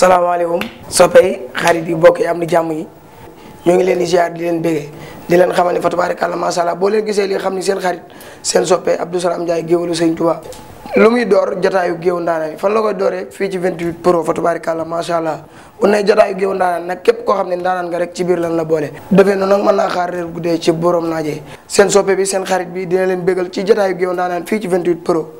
salaamaaleykum soppe yi xarit yi bokk am na jàmm yi ñoo ngi leen di ziar di leen bége di leen xamal ne fa tabaarakàlla macha allah boo leen gisee li xam ni seen xarit seen soppe Abdou Salam Ndiaye géwalu Sëñ Tuubaa lu muy door jataayu géewu ndaanaan fan la ko dooree fii ci 28 pro fa tabaarakàlla macha allah bu ne jataayu géewu ndaanaan nag koo xam ne ndaanaan nga rek ci biir la na boole defee noonu nag mën naa xaar réer guddee ci borom naajee seen soppe bi seen xarit bi dina leen bégal ci jataayu géewu ndaanaan fii ci 28 pro